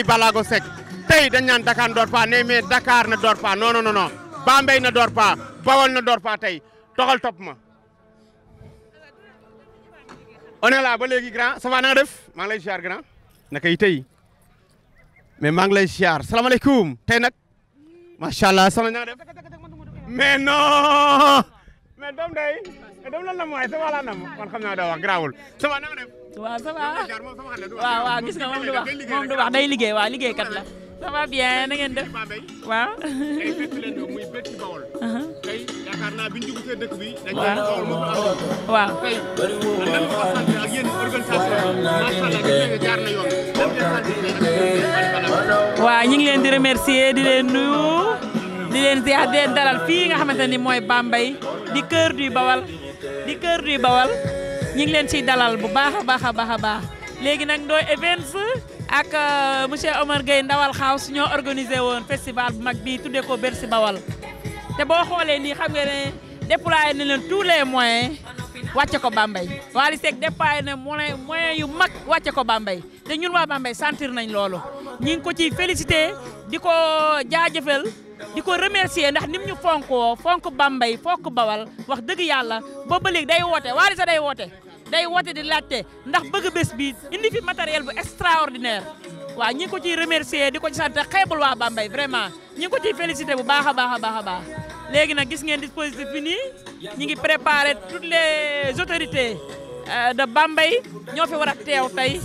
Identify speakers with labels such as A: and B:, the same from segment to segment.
A: Balago Seck tey dañ naan Dakar ne dort pas ne mais Dakar ne dort pas non non non Bambey ne dort pas Bawol ne dort tey toxal topp ma. on est ba léegi grand ça va def maa ngi lay ziar grand naka yi tey mais maa ngi lay ziar tey nag macha allah sama def mais non.
B: mais doom day doom la nam waay sama la nam kon xam naa doo wax garaawul sama na nga def waaw ça va waaw waaw gis nga moom du wax moom du wax day liggéey waaw liggéeykat la ça va bien na ngeen def waaw ay fekk leen do muy bëtti bawol
A: uh-huh. tey yaakaar
B: naa biñu dugg seen dëkk bi dañ ko bawol mu ko waaw tey nan ko sant ak yéen
A: organisation macha Allah
B: jaar na yoon waaw ñu ngi leen di remercier di leen nuyu di leen ziar di leen dalal fii nga xamante ni mooy Bambey di Cœur du Baol di kër du Baol ñi ngi leen ciy dalal bu baax a baax a baax a baax léegi nag Ndoye Events ak euh, monsieur Omar Gueye Ndawal House ñoo organisé woon festival bu mag bii tuddee ko Bercy Baol te boo xoolee nii xam nga ne déployé na leen tous les moyens wàcce ko Bambey Wally Seck déployé na moyen moyens yu mag wàcce ko Bambey te ñun waa bambay santir nañ loolu ñi ko ci félicité di ko jaajëfal di ko remercier ndax nim ñu fonkoo fonk Bambey fonk Bawal wax dëgg yàlla ba ba léegi day woote waari sa day woote day woote di laajte ndax bëgg bés bi indi fi matériel bu extraordinaire waaw ñi ko ciy remercier di ko ci sant xeebul waa Bambey vraiment ñi ko ciy félicité bu baax a baax a baax a baax léegi nag gis ngeen dispositif bi nii ñi ngi préparé toutes les autorités Euh, de Bambey ñoo fi war a teew tey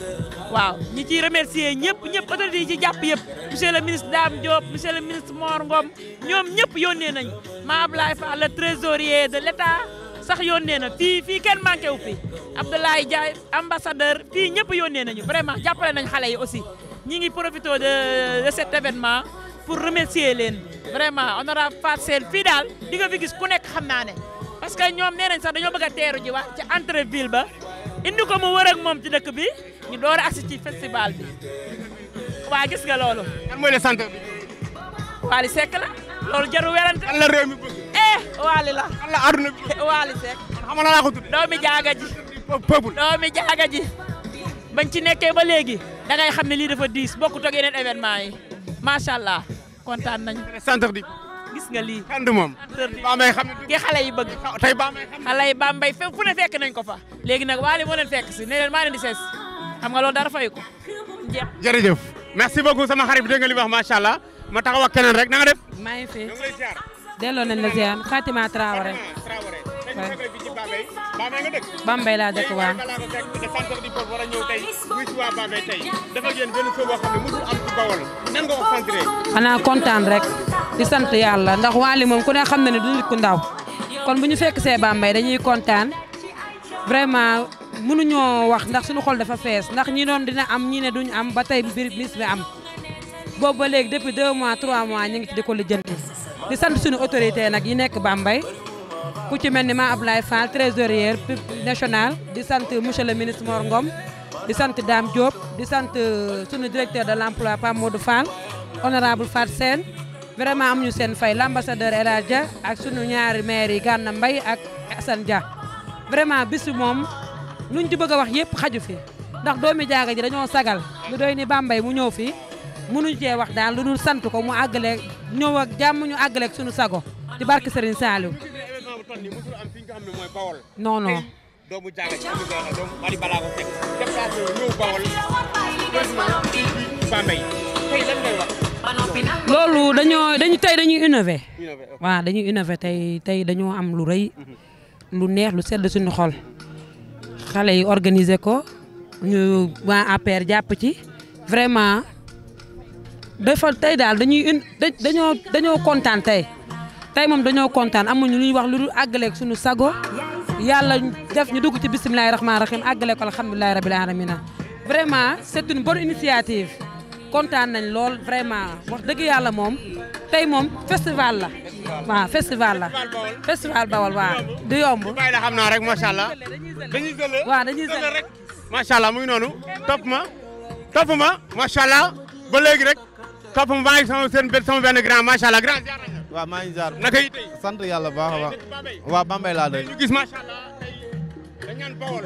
B: waaw ñi ci remercier ñëpp ñëpp autorités yi ci jàpp yëpp monsieur le ministre Dame Diop monsieur le ministre Mor Ngom ñoom ñëpp yónnee nañu ma Ablaye Fall le trésorier de l'État sax yoon yónnee na fii fii kenn manqué wu fi Abdoulaye Dia ambassadeur fii ñëpp yónnee nañu vraiment jàppale nañ xale yi aussi ñi ngi profité de de cet événement pour remercier leen vraiment honorable Fatou Seye fii daal di fi gis ku nekk xam naa parce que ñoom nee nañ sax dañoo bëgg a teeru ji wax ci entrée ba indi ko mu wër moom ci dëkk bi ñu door a agsi ci festival bi waa gis nga loolu. kan mooy la loolu jarul werante. kan la réew mi bëgg. eh Waly la. doomi jaaga ji. bañ ci nekkee ba léegi da ngay xam ne lii dafa diis bokkut ak yeneen événement yi macha allah kontaan nañu. centre bi. gis nga lii. ànd yi bëgg. Ah, tey Bambey xam yi Bambey fépp fu nañ ko fa. léegi nag waale moo leen fekk si ne leen maa leen di sees xam nga loolu dara fay ko.
A: jërëjëf merci beaucoup sama xarit bi dégg nga li wax macha ma taxaw ak keneen rek na nga def. maa ngi fi delloo nañ la
C: ziar Fatima Traoré.
A: Bambey laa dëkk waaw. xanaa kontaan rek di sant
C: yàlla ndax li moom ku ne xam na ne du nit ndaw kon bu ñu fekk see Bambey dañuy kontaan vraiment mënuñoo wax ndax sunu xol dafa fees ndax ñii doon dina am ñi ne duñu am ba tey mbir bis bi am boobu ba léegi depuis 2 mois trois mois ñu ngi ci di ko lijjanti di sant suñu autorité nag yi nekk Bambey ku ci mel ni ma Ablaye Fall trésorier national di sant monsieur le ministre Mor Ngom di sant daam Diop di sant euh, sunu directeur de l' emploi Pape Modou Fall honorable Fat Sène vraiment am ñu seen fay l' ambassadeur El Hadj ak sunu ñaari maire yi Gana Mbaye ak Assane Dia vraiment bisu moom luñ ci bëgg wax yëpp xaju fi ndax doomi jaaga ji dañoo sagal lu doy ni bambay mu ñëw fi mënuñ cee wax daal lu dul sant ko mu àggale ñëw ak jàmm ñu àggaleeg sunu sago di barke
A: toll nii mësul am
B: loolu
C: dañoo tey dañuy innové. waa dañuy innové tey tey dañoo am lu rëy. lu neex lu sedd suñu xol. xale yi organise ko ñu waa APR jàpp ci vraiment dafa tey daal dañuy dañoo dañoo kontaan tey. tey moom dañoo kontaan amuñu lu ñu wax lu dul àggaleeg sunu sago yàlla def ñu dugg ci bisimilahi rahmaani rahim àggaleeg alhamdulilahi rabil alamina vraiment c' est une bonne initiative kontaan nañ lool vraiment wax dëgg yàlla moom tey moom festival la waaw festival la festival bawol waaw du yomb bàyyi la rek macha allah dañuy sële waaw
A: dañuy muy noonu topp ma topp ma macha allah ba léegi rek topp ma maa ngi sama seen benn grand macha waaw maa ngi sant yàlla baax a baax waaw Bambey laa dëkk ñu gis ah. ak ñu déggee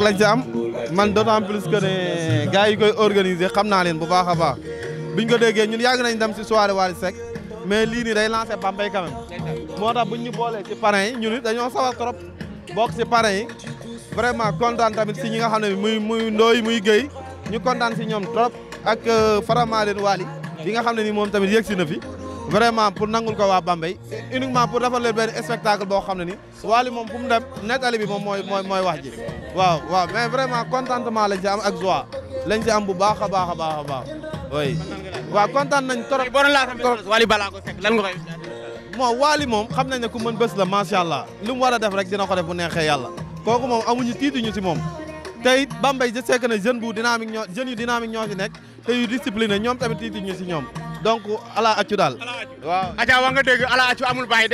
A: la ah. sant man d'autant plus que ne gars yi koy organiser xam naa leen bu baax a baax biñ ko déggee ñun yàgg nañ dem si soirée Wally Seck mais lii nii day lancé Bambey quand moo tax buñ ñu boolee si parrain yi ñun it dañoo trop bokk si parrain vraiment kontaan tamit si ñi nga xam ne muy muy ndooy muy géey ñu kontaan si ñoom trop ak euh, Faramalène Waly bi nga xam ne ni moom tamit yegg si na fi vraiment pour nangul ko waa Bambey uniquement pour defal leen benn spectacle boo xam ne ni Waly moom fu mu dem nettali bi moom mooy mooy mooy wax ji waaw waaw mais vraiment contentement lañ si am ak joie lañ si am bu baax a baax a baax a baax oui waaw kontaan nañ trop Waly Ballago Seck lan nga koy moo Waly moom xam nañ ne ku mën bés la macha allah lu mu war a def rek dina ko def bu neexee yàlla kooku moom amuñu tiituñu si moom te it Bambey je sais que ne jeune bu dynamique ñoo jeunes yu dynamique ñoo si nekk te yu discipliné ñoom tamit tiituñu si ñoom donc ala accu daal waaw acca wax nga dégg ala accu amul bàyyi